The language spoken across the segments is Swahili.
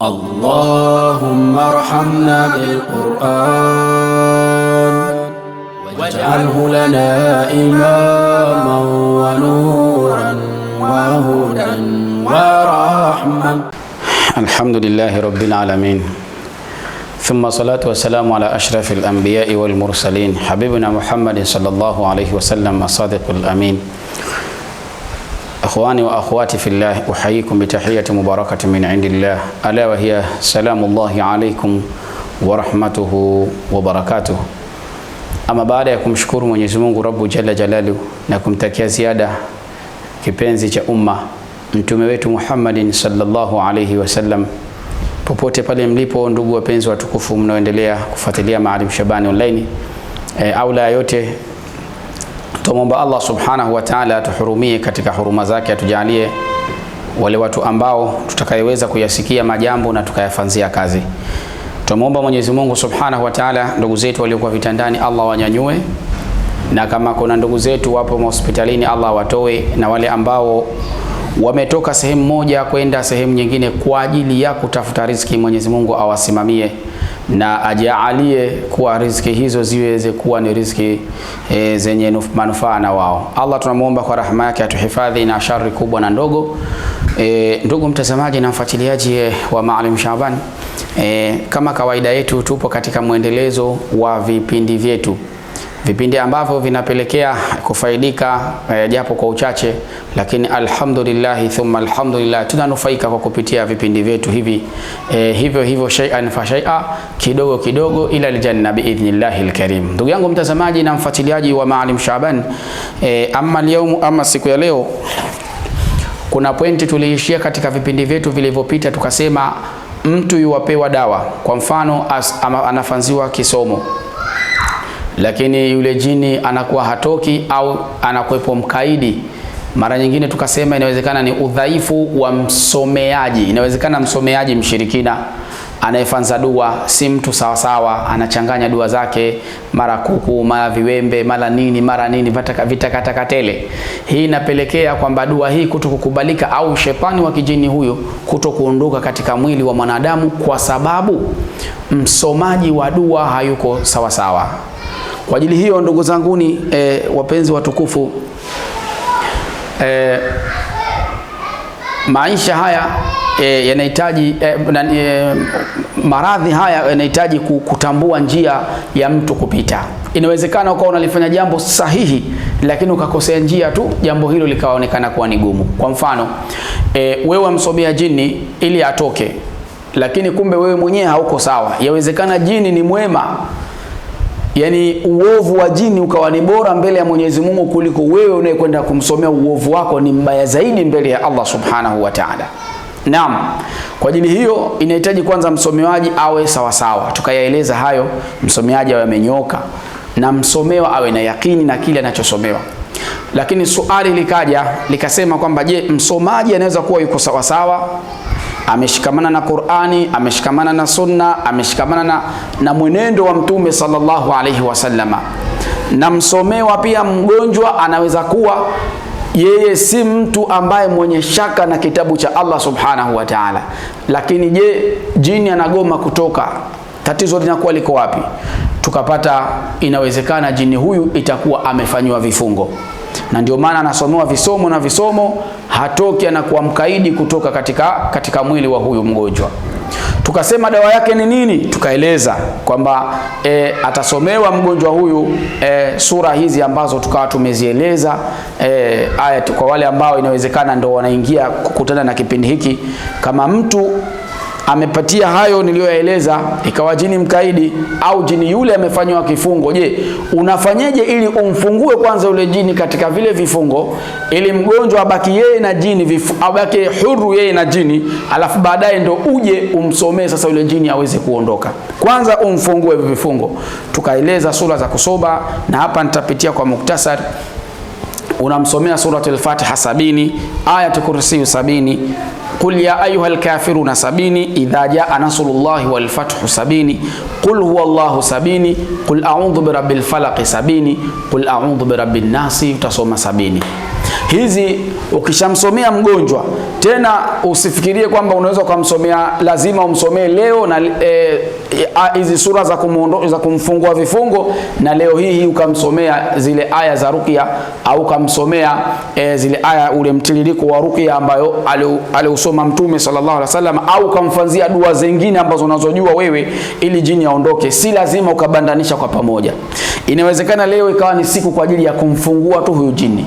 اللهم ارحمنا بالقرآن واجعله لنا إماما ونورا وهدى ورحمة الحمد لله رب العالمين ثم الصلاة والسلام على أشرف الأنبياء والمرسلين حبيبنا محمد صلى الله عليه وسلم الصادق الأمين Akhwani wa akhwati fillah, uhayikum bitahiyati mubarakati min indillah ala wa hiya salamullahi alaikum wa rahmatuhu wa barakatuhu. Ama baada ya kumshukuru Mwenyezi Mungu Rabbu jalla jalalu na kumtakia ziada kipenzi cha umma mtume wetu Muhammadin sallallahu alayhi wasallam, popote pale mlipo ndugu wapenzi watukufu mnaoendelea kufuatilia Maalim Shabani Online, e, aula yote Tumwomba Allah subhanahu wa ta'ala atuhurumie katika huruma zake, atujalie wale watu ambao tutakayeweza kuyasikia majambo na tukayafanzia kazi. Tumwomba Mwenyezi Mungu subhanahu wa ta'ala, ndugu zetu waliokuwa vitandani Allah wanyanyue, na kama kuna ndugu zetu wapo hospitalini Allah watoe, na wale ambao wametoka sehemu moja kwenda sehemu nyingine kwa ajili ya kutafuta riziki, Mwenyezi Mungu awasimamie na ajaalie kuwa riziki hizo ziweze kuwa ni riziki e, zenye manufaa na wao. Allah tunamuomba kwa rahma yake atuhifadhi na shari kubwa na ndogo. E, ndugu mtazamaji na mfuatiliaji e, wa Maalim shaban e, kama kawaida yetu tupo katika mwendelezo wa vipindi vyetu vipindi ambavyo vinapelekea kufaidika eh, japo kwa uchache, lakini alhamdulillah thumma alhamdulillah tunanufaika kwa kupitia vipindi vyetu hivi eh, hivyo hivyo shay'an fa shay'a, kidogo kidogo ila aljanna biidhnillahi alkarim. Ndugu yangu mtazamaji na mfuatiliaji wa Maalim Shaaban eh, ama leo ama siku ya leo kuna pointi tuliishia katika vipindi vyetu vilivyopita, tukasema mtu yuwapewa dawa. Kwa mfano as, ama, anafanziwa kisomo lakini yule jini anakuwa hatoki au anakuwepo mkaidi. Mara nyingine tukasema inawezekana ni udhaifu wa msomeaji. Inawezekana msomeaji mshirikina anayefanza dua si mtu sawasawa, anachanganya dua zake, mara kuku, mara viwembe, mara nini, mara nini, vitakatakatele. Hii inapelekea kwamba dua hii kutokukubalika au shetani wa kijini huyo kutokuondoka katika mwili wa mwanadamu, kwa sababu msomaji wa dua hayuko sawasawa. Kwa ajili hiyo ndugu zanguni, e, wapenzi watukufu, e, maisha haya e, yanahitaji e, e, maradhi haya yanahitaji kutambua njia ya mtu kupita. Inawezekana ukawa unalifanya jambo sahihi, lakini ukakosea njia tu, jambo hilo likaonekana kuwa ni gumu. Kwa mfano e, wewe amsomea jini ili atoke, lakini kumbe wewe mwenyewe hauko sawa. Yawezekana jini ni mwema yani uovu wa jini ukawa ni bora mbele ya Mwenyezi Mungu kuliko wewe unayekwenda kumsomea uovu wako ni mbaya zaidi mbele ya Allah Subhanahu wa Ta'ala. Naam. Kwa ajili hiyo inahitaji kwanza msomewaji awe sawasawa, tukayaeleza hayo, msomeaji awe amenyoka na msomewa awe na yakini na kile anachosomewa. Lakini suali likaja likasema kwamba je, msomaji anaweza kuwa yuko sawasawa? ameshikamana na Qur'ani, ameshikamana na Sunna, ameshikamana na, na mwenendo wa Mtume sallallahu alaihi wasallama. Na msomewa pia mgonjwa anaweza kuwa yeye si mtu ambaye mwenye shaka na kitabu cha Allah subhanahu wa ta'ala, lakini je, jini anagoma kutoka, tatizo linakuwa liko wapi? Tukapata inawezekana jini huyu itakuwa amefanyiwa vifungo na ndio maana anasomewa visomo na visomo, hatoki anakuwa mkaidi kutoka katika, katika mwili wa huyu mgonjwa. Tukasema dawa yake ni nini? Tukaeleza kwamba e, atasomewa mgonjwa huyu e, sura hizi ambazo tukawa tumezieleza e, aya kwa wale ambao inawezekana ndo wanaingia kukutana na kipindi hiki, kama mtu amepatia hayo niliyoyaeleza, ikawa jini mkaidi au jini yule amefanywa kifungo, je, unafanyeje ili umfungue kwanza yule jini katika vile vifungo, ili mgonjwa abaki yeye na jini vifu, abaki huru yeye na jini, alafu baadaye ndo uje umsomee sasa yule jini aweze kuondoka. Kwanza umfungue vifungo, tukaeleza sura za kusoba, na hapa nitapitia kwa muktasari unamsomea Suratul Fatiha sabini, Ayatul Kursi sabini, Qul ya ayyuhal kafiruna sabini, Idha jaa nasrullahi wal fathu sabini, Qul huwallahu sabini, Qul a'udhu birabbil falaq sabini, Qul a'udhu birabbin nasi, utasoma sabini hizi ukishamsomea mgonjwa tena, usifikirie kwamba unaweza ukamsomea, lazima umsomee leo na eh, eh, hizi e, sura za, kumundo, za kumfungua vifungo na leo hii hii ukamsomea zile aya za rukia au ukamsomea e, zile aya ule mtiririko wa rukia ambayo aliusoma Mtume sallallahu alaihi wasallam, au ukamfanzia dua zingine ambazo unazojua wewe ili jini aondoke. Si lazima ukabandanisha kwa pamoja. Inawezekana leo ikawa ni siku kwa ajili ya kumfungua tu huyu jini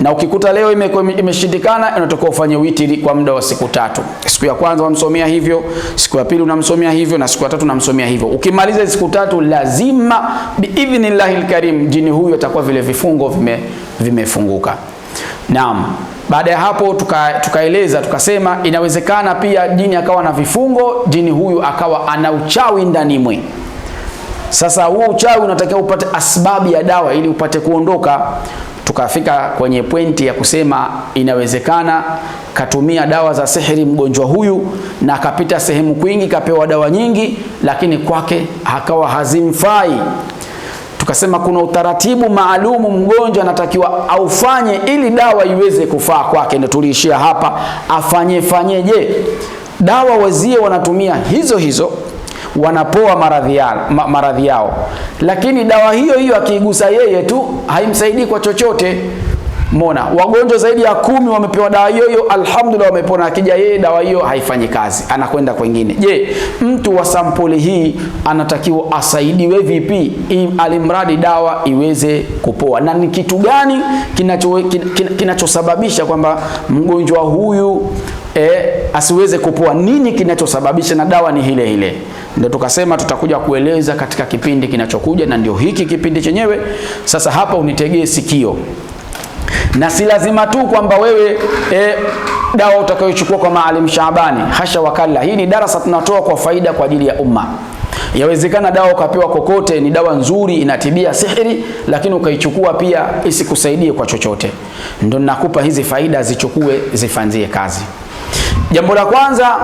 na ukiku Ukikuta leo imeshindikana, ime inatakiwa ufanye witiri kwa muda wa siku tatu. Siku ya kwanza unamsomea hivyo, siku ya pili unamsomea hivyo, na siku ya tatu unamsomea hivyo. Ukimaliza siku tatu, lazima biidhnillahi lkarim, jini huyo atakuwa vile vifungo vime, vimefunguka. Naam. Baada ya hapo tukaeleza tuka tukasema, inawezekana pia jini akawa na vifungo, jini huyu akawa ana uchawi ndani mwe. Sasa huo uchawi unatakiwa upate asbabu ya dawa ili upate kuondoka tukafika kwenye pointi ya kusema inawezekana katumia dawa za sihiri mgonjwa huyu, na akapita sehemu kwingi, kapewa dawa nyingi, lakini kwake hakawa hazimfai. Tukasema kuna utaratibu maalumu mgonjwa anatakiwa aufanye ili dawa iweze kufaa kwake. Ndio tuliishia hapa, afanye fanyeje? Dawa wazie wanatumia hizo hizo wanapoa maradhi yao, maradhi yao. Lakini dawa hiyo hiyo akiigusa yeye tu haimsaidii kwa chochote. Mona wagonjwa zaidi ya kumi wamepewa dawa hiyo hiyo, alhamdulillah wamepona. Akija yeye dawa hiyo haifanyi kazi, anakwenda kwengine. Je, mtu wa sampuli hii anatakiwa asaidiwe vipi alimradi dawa iweze kupoa? Na ni kitu gani kinachosababisha kin, kin, kwamba mgonjwa huyu e, asiweze kupoa. Nini kinachosababisha? Na dawa ni hile hile. Ndio tukasema tutakuja kueleza katika kipindi kinachokuja, na ndio hiki kipindi chenyewe. Sasa hapa unitegee sikio, na si lazima tu kwamba wewe e, dawa utakayochukua kwa Maalim Shabani, hasha wakala. Hii ni darasa tunatoa kwa faida kwa ajili ya umma. Yawezekana dawa ukapewa kokote, ni dawa nzuri, inatibia sihiri, lakini ukaichukua pia isikusaidie kwa chochote. Ndio nakupa hizi faida, zichukue zifanzie kazi. Jambo la kwanza,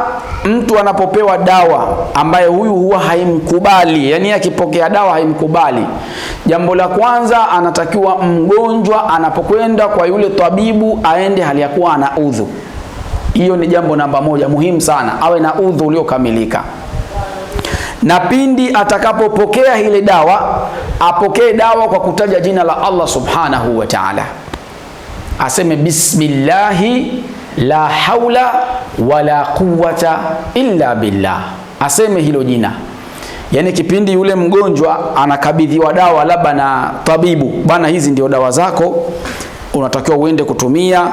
mtu anapopewa dawa ambaye huyu huwa haimkubali, yani akipokea dawa haimkubali, jambo la kwanza anatakiwa mgonjwa anapokwenda kwa yule tabibu aende hali ya kuwa ana udhu. Hiyo ni jambo namba moja muhimu sana, awe na udhu uliokamilika, na pindi atakapopokea ile dawa apokee dawa kwa kutaja jina la Allah subhanahu wa ta'ala, aseme bismillahi la haula wala quwwata illa billah, aseme hilo jina. Yaani kipindi yule mgonjwa anakabidhiwa dawa labda na tabibu, bana, hizi ndio dawa zako unatakiwa uende kutumia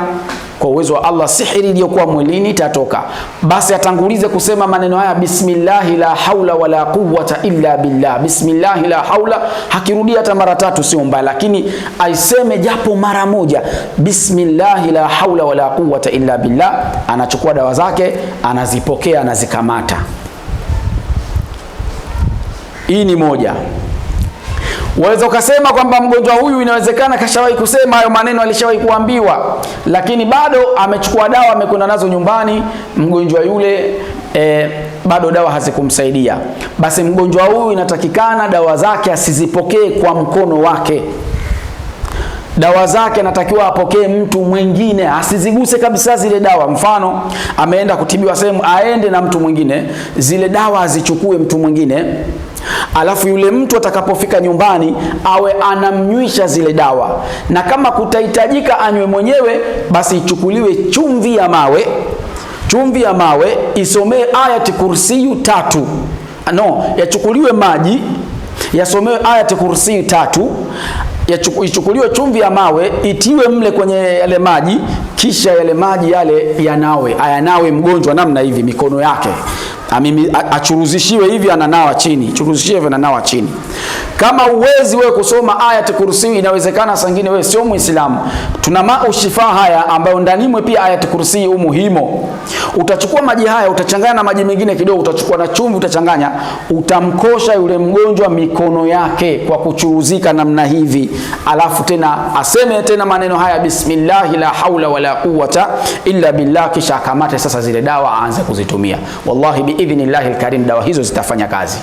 kwa uwezo wa Allah, sihiri iliyokuwa mwilini itatoka. Basi atangulize kusema maneno haya, bismillahi la haula wala quwwata illa billah. Bismillahi la haula, hakirudia hata mara tatu, sio mbaya, lakini aiseme japo mara moja, bismillahi la haula wala quwwata illa billah. Anachukua dawa zake, anazipokea, anazikamata. Hii ni moja. Waweza ukasema kwamba mgonjwa huyu inawezekana kashawahi kusema hayo maneno, alishawahi kuambiwa, lakini bado amechukua dawa, amekwenda nazo nyumbani, mgonjwa yule e, bado dawa hazikumsaidia. Basi mgonjwa huyu inatakikana dawa zake asizipokee kwa mkono wake dawa zake anatakiwa apokee mtu mwingine, asiziguse kabisa zile dawa. Mfano, ameenda kutibiwa sehemu, aende na mtu mwingine, zile dawa azichukue mtu mwingine, alafu yule mtu atakapofika nyumbani awe anamnywisha zile dawa, na kama kutahitajika anywe mwenyewe, basi ichukuliwe chumvi ya mawe, chumvi ya mawe isomee Ayati Kursiyu tatu, no, yachukuliwe maji yasomewe Ayati Kursiyu tatu ichukuliwe chumvi ya mawe itiwe mle kwenye yale maji, kisha yale maji yale yanawe ayanawe mgonjwa namna hivi mikono yake amimi, achuruzishiwe hivi ananawa chini, churuzishiwe hivi ananawa chini. Kama uwezi wewe kusoma ayat kursi, inawezekana sangine wewe sio Muislamu. Tuna maushifa haya ambayo ndani mwe pia ayat kursi umuhimo. Utachukua maji haya utachanganya na maji mengine kidogo, utachukua na chumvi utachanganya, utamkosha yule mgonjwa mikono yake kwa kuchuruzika namna hivi, alafu tena aseme tena maneno haya bismillahi la haula wala quwwata illa billah, kisha akamate sasa zile dawa aanze kuzitumia. Wallahi bi biidhnillahi alkarim, dawa hizo zitafanya kazi.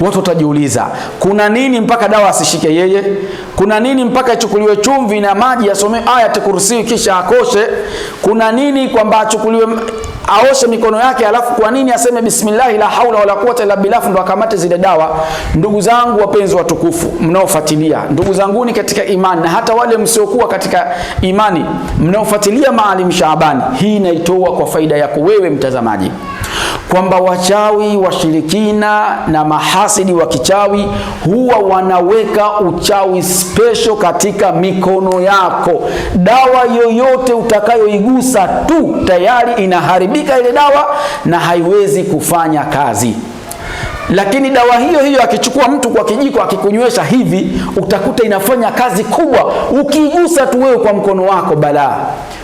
Watu watajiuliza kuna nini mpaka dawa asishike yeye? Kuna nini mpaka ichukuliwe chumvi na maji asomee ayat kursi kisha akoshe? Kuna nini kwamba achukuliwe aoshe mikono yake, alafu kwa nini aseme bismillahi la haula wala quwata illa billah ndo akamate zile dawa? Ndugu zangu wapenzi watukufu mnaofuatilia, ndugu ni katika imani na hata wale msiokuwa katika imani mnaofuatilia Maalim Shaabani, hii naitoa kwa faida yako wewe mtazamaji kwamba wachawi washirikina na mahasidi wa kichawi huwa wanaweka uchawi special katika mikono yako. Dawa yoyote utakayoigusa tu tayari inaharibika ile dawa na haiwezi kufanya kazi. Lakini dawa hiyo hiyo akichukua mtu kwa kijiko akikunywesha hivi, utakuta inafanya kazi kubwa, ukigusa tu wewe kwa mkono wako balaa.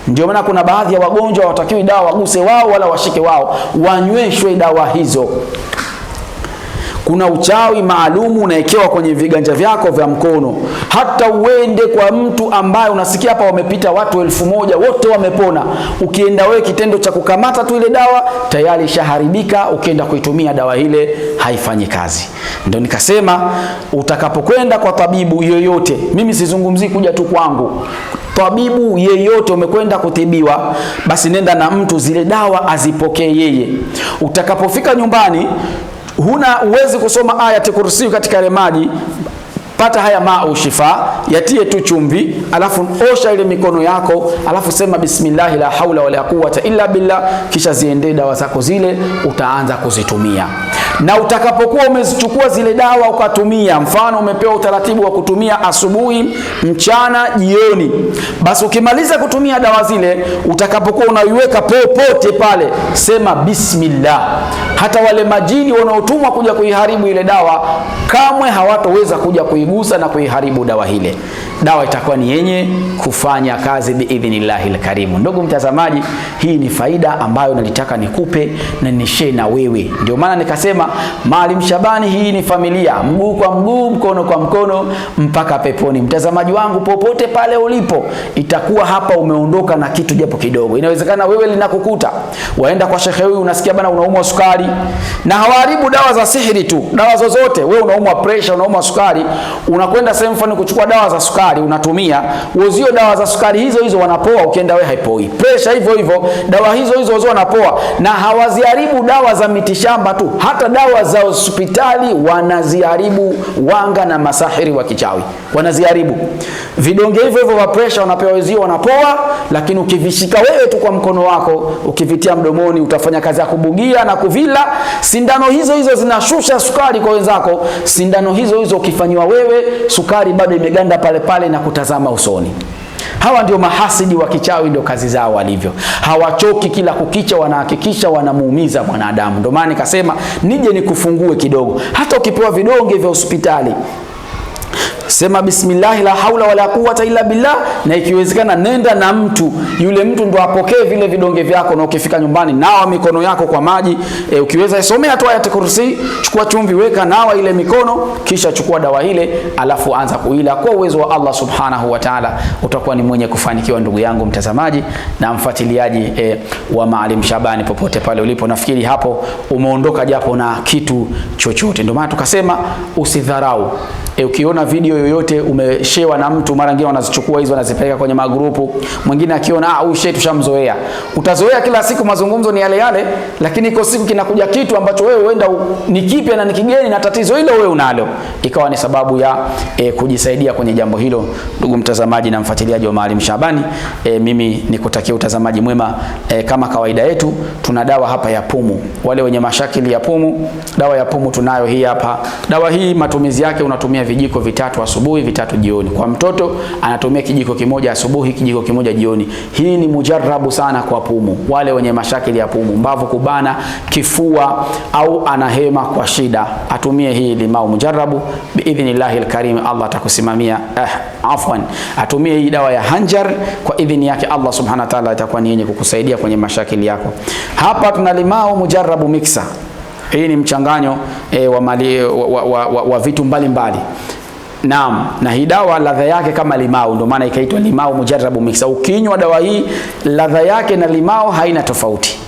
Ndio maana kuna baadhi ya wagonjwa hawatakiwi dawa waguse wao wala washike wao, wanyweshwe dawa hizo. Kuna uchawi maalumu unawekewa kwenye viganja vyako vya mkono, hata uende kwa mtu ambaye unasikia hapa wamepita watu elfu moja wote wamepona, ukienda wewe kitendo cha kukamata tu ile dawa tayari ishaharibika, ukienda kuitumia dawa ile haifanyi kazi. Ndio nikasema utakapokwenda kwa tabibu yoyote, mimi sizungumzii kuja tu kwangu tabibu yeyote umekwenda kutibiwa, basi nenda na mtu zile dawa azipokee yeye. Utakapofika nyumbani, huna uwezi kusoma ayati kursi katika remaji maji Pata haya mau shifa, yatie tu chumvi, alafu osha ile mikono yako, alafu sema bismillah la haula wala quwwata illa billah, kisha ziende dawa zako zile, utaanza kuzitumia. Na utakapokuwa umezichukua zile dawa ukatumia, mfano umepewa utaratibu wa kutumia asubuhi, mchana, jioni, basi ukimaliza kutumia dawa zile, utakapokuwa unaiweka popote pale, sema bismillah. Hata wale majini wanaotumwa kuja kuiharibu ile dawa kamwe hawatoweza kuja kui kuigusa na kuiharibu dawa hile, dawa itakuwa ni yenye kufanya kazi biidhnillahi lkarimu. Ndugu mtazamaji, hii ni faida ambayo nalitaka nikupe na nishe na wewe, ndio maana nikasema Maalim Shabani, hii ni familia, mguu kwa mguu, mkono kwa mkono, mpaka peponi. Mtazamaji wangu, popote pale ulipo, itakuwa hapa umeondoka na kitu japo kidogo. Inawezekana wewe linakukuta, waenda kwa shekhe huyu, unasikia bana, unaumwa sukari, na hawaharibu dawa za sihiri tu, dawa zozote. Wewe unaumwa presha, unaumwa sukari unakwenda sehemu fulani kuchukua dawa za sukari, unatumia uzio, dawa za sukari hizo hizo wanapoa, ukienda wewe haipoi. Presha hivyo hivyo, dawa hizo hizo uzio wanapoa, na hawaziharibu dawa za mitishamba tu, hata dawa za hospitali wanaziharibu. Wanga na masahiri wa kichawi wanaziharibu. Vidonge hivyo hivyo vya presha unapewa uzio, wanapoa, lakini ukivishika wewe tu kwa mkono wako, ukivitia mdomoni, utafanya kazi ya kubugia na kuvila. Sindano hizo hizo zinashusha sukari kwa wenzako, sindano hizo hizo ukifanywa wewe wewe, sukari bado imeganda pale pale na kutazama usoni. Hawa ndio mahasidi wa kichawi, ndio kazi zao walivyo, hawachoki. Kila kukicha wanahakikisha wanamuumiza mwanadamu. Ndio maana nikasema nije nikufungue kidogo. Hata ukipewa vidonge vya hospitali sema bismillahi la haula wala quwwata illa billah, na ikiwezekana nenda na mtu, yule mtu ndo apokee vile vidonge vyako, na ukifika nyumbani nawa mikono yako kwa maji e, ukiweza isomea tu ayati kursi, chukua chumvi, weka nawa ile mikono, kisha chukua dawa ile, alafu anza kuila. Kwa uwezo wa Allah subhanahu wa ta'ala, utakuwa ni mwenye kufanikiwa, ndugu yangu mtazamaji na mfuatiliaji e, wa Maalim Shabani popote pale ulipo. Nafikiri hapo umeondoka japo na kitu chochote, ndio maana tukasema usidharau e, ukiona video video yoyote umeshewa na mtu, mara nyingine wanazichukua hizo wanazipeleka kwenye magrupu. Mwingine akiona ah, huyu shehe tushamzoea. Utazoea kila siku mazungumzo ni yale yale, lakini iko siku kinakuja kitu ambacho wewe huenda ni kipya na ni kigeni na tatizo hilo wewe unalo, ikawa ni sababu ya e, kujisaidia kwenye jambo hilo. Ndugu mtazamaji na mfuatiliaji wa Maalim Shabani, e, mimi nikutakia utazamaji mwema. E, kama kawaida yetu tuna dawa hapa ya pumu. Wale wenye mashakili ya pumu, dawa ya pumu tunayo hii hapa. Dawa hii matumizi yake unatumia vijiko vitatu asubuhi, vitatu jioni. Kwa mtoto anatumia kijiko kimoja asubuhi, kijiko kimoja jioni. Hii ni mujarabu sana kwa pumu, wale wenye mashakili ya pumu, mbavu kubana, kifua au anahema kwa shida, atumie hii limau mujarabu biidhnillahi alkarim. Allah atakusimamia eh, afwan, atumie hii dawa ya hanjar kwa idhini yake Allah subhanahu wa ta'ala, itakuwa ni yenye kukusaidia kwenye mashakili yako. Hapa tuna limau mujarabu mixer hii ni mchanganyo e, wa, mali, wa, wa, wa, wa, wa vitu mbalimbali mbali. Naam, na hii dawa ladha yake kama limau, ndio maana ikaitwa limau mujarabu mix. Ukinywa dawa hii ladha yake na limau haina tofauti.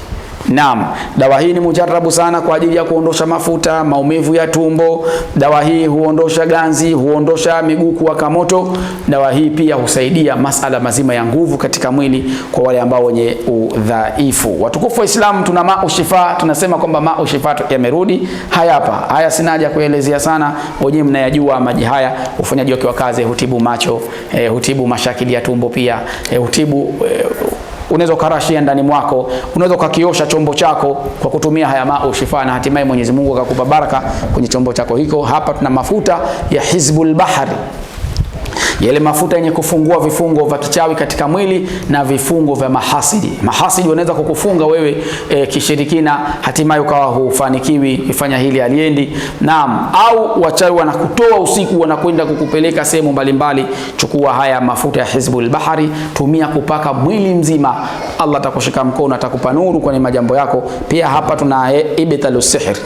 Naam, dawa hii ni mujarabu sana kwa ajili ya kuondosha mafuta, maumivu ya tumbo. Dawa hii huondosha ganzi, huondosha miguu kuwa kamoto. Dawa hii pia husaidia masala mazima ya nguvu katika mwili kwa wale ambao wenye udhaifu. Watukufu wa Islam, tuna ushifa, tunasema kwamba ushifa yamerudi. Haya hapa, haya sina haja kuelezea sana, wenyewe mnayajua maji haya, ufanyaji wake wa kazi hutibu macho, eh, hutibu mashakili ya tumbo pia, eh, hutibu eh, unaweza ukarashia ndani mwako, unaweza ukakiosha chombo chako kwa kutumia haya mau shifa, na hatimaye Mwenyezi Mungu akakupa baraka kwenye chombo chako hiko. Hapa tuna mafuta ya Hizbul Bahari yale mafuta yenye kufungua vifungo vya kichawi katika mwili na vifungo vya mahasidi. Mahasidi wanaweza kukufunga wewe e, kishirikina, hatimaye ukawa hufanikiwi kufanya hili aliendi. Naam, au wachawi wanakutoa usiku, wanakwenda kukupeleka sehemu mbalimbali. Chukua haya mafuta ya Hizbul Bahari, tumia kupaka mwili mzima, Allah atakushika mkono, atakupa nuru kwenye majambo yako. Pia hapa tuna e, eh, ibtalus sihr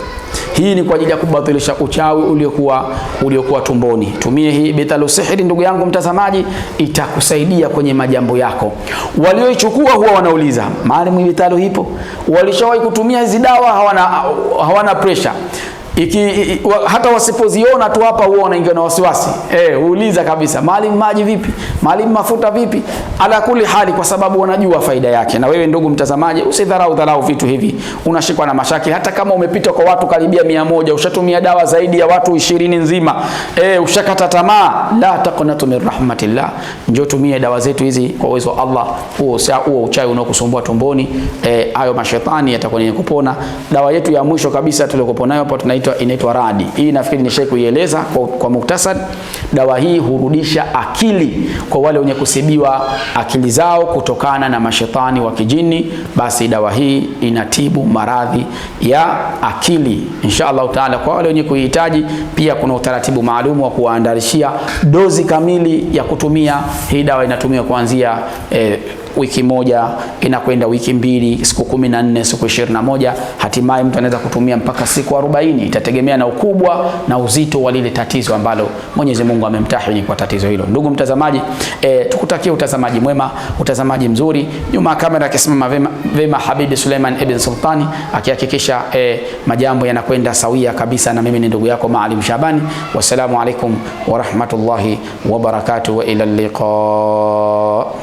hii ni kwa ajili ya kubatilisha uchawi uliokuwa uliokuwa tumboni. Tumie hii ibtalus sihr ndugu yangu wangu mtazamaji, itakusaidia kwenye majambo yako. Walioichukua huwa wanauliza, maalum hii talo ipo? Walishawahi kutumia hizi dawa? Hawana, hawana pressure iki, iki, wa, hata wasipoziona tu hapa huwa wanaingia na wasiwasi eh, uuliza kabisa, maalim maji vipi? Maalim mafuta vipi? Ala kuli hali, kwa sababu wanajua faida yake. Na wewe ndugu mtazamaji, usidharau dharau vitu hivi, unashikwa na mashaki. Hata kama umepita kwa watu karibia mia moja, ushatumia dawa zaidi ya watu ishirini nzima, eh, ushakata tamaa, la taqnatu min rahmatillah, njoo tumie dawa zetu hizi kwa uwezo wa Allah. Huo huo uchawi unaokusumbua tumboni, eh, ayo mashetani yatakuwa ni kupona. Dawa yetu ya mwisho kabisa tuliokuwa nayo hapa tunaitwa inaitwa inaitwa radi. Hii nafikiri nishai kuieleza kwa, kwa muktasari. Dawa hii hurudisha akili kwa wale wenye kusibiwa akili zao kutokana na mashetani wa kijini, basi dawa hii inatibu maradhi ya akili insha Allah taala. Kwa wale wenye kuihitaji pia kuna utaratibu maalum wa kuwaandarishia dozi kamili ya kutumia hii dawa. Inatumiwa kuanzia eh, wiki moja inakwenda wiki mbili, siku kumi na nne, siku ishirini na moja, hatimaye mtu anaweza kutumia mpaka siku arobaini. Itategemea na ukubwa na uzito wa lile tatizo ambalo Mwenyezi Mungu amemtahini kwa tatizo hilo. Ndugu mtazamaji, e, tukutakie utazamaji mwema, utazamaji mzuri. Nyuma ya kamera akisimama vema, vema Habibi Suleiman ibn Sultani akihakikisha e, majambo yanakwenda sawia kabisa, na mimi ni ndugu yako Maalim Shabani. Wassalamu alaikum warahmatullahi wabarakatuh, wa wa ila liqa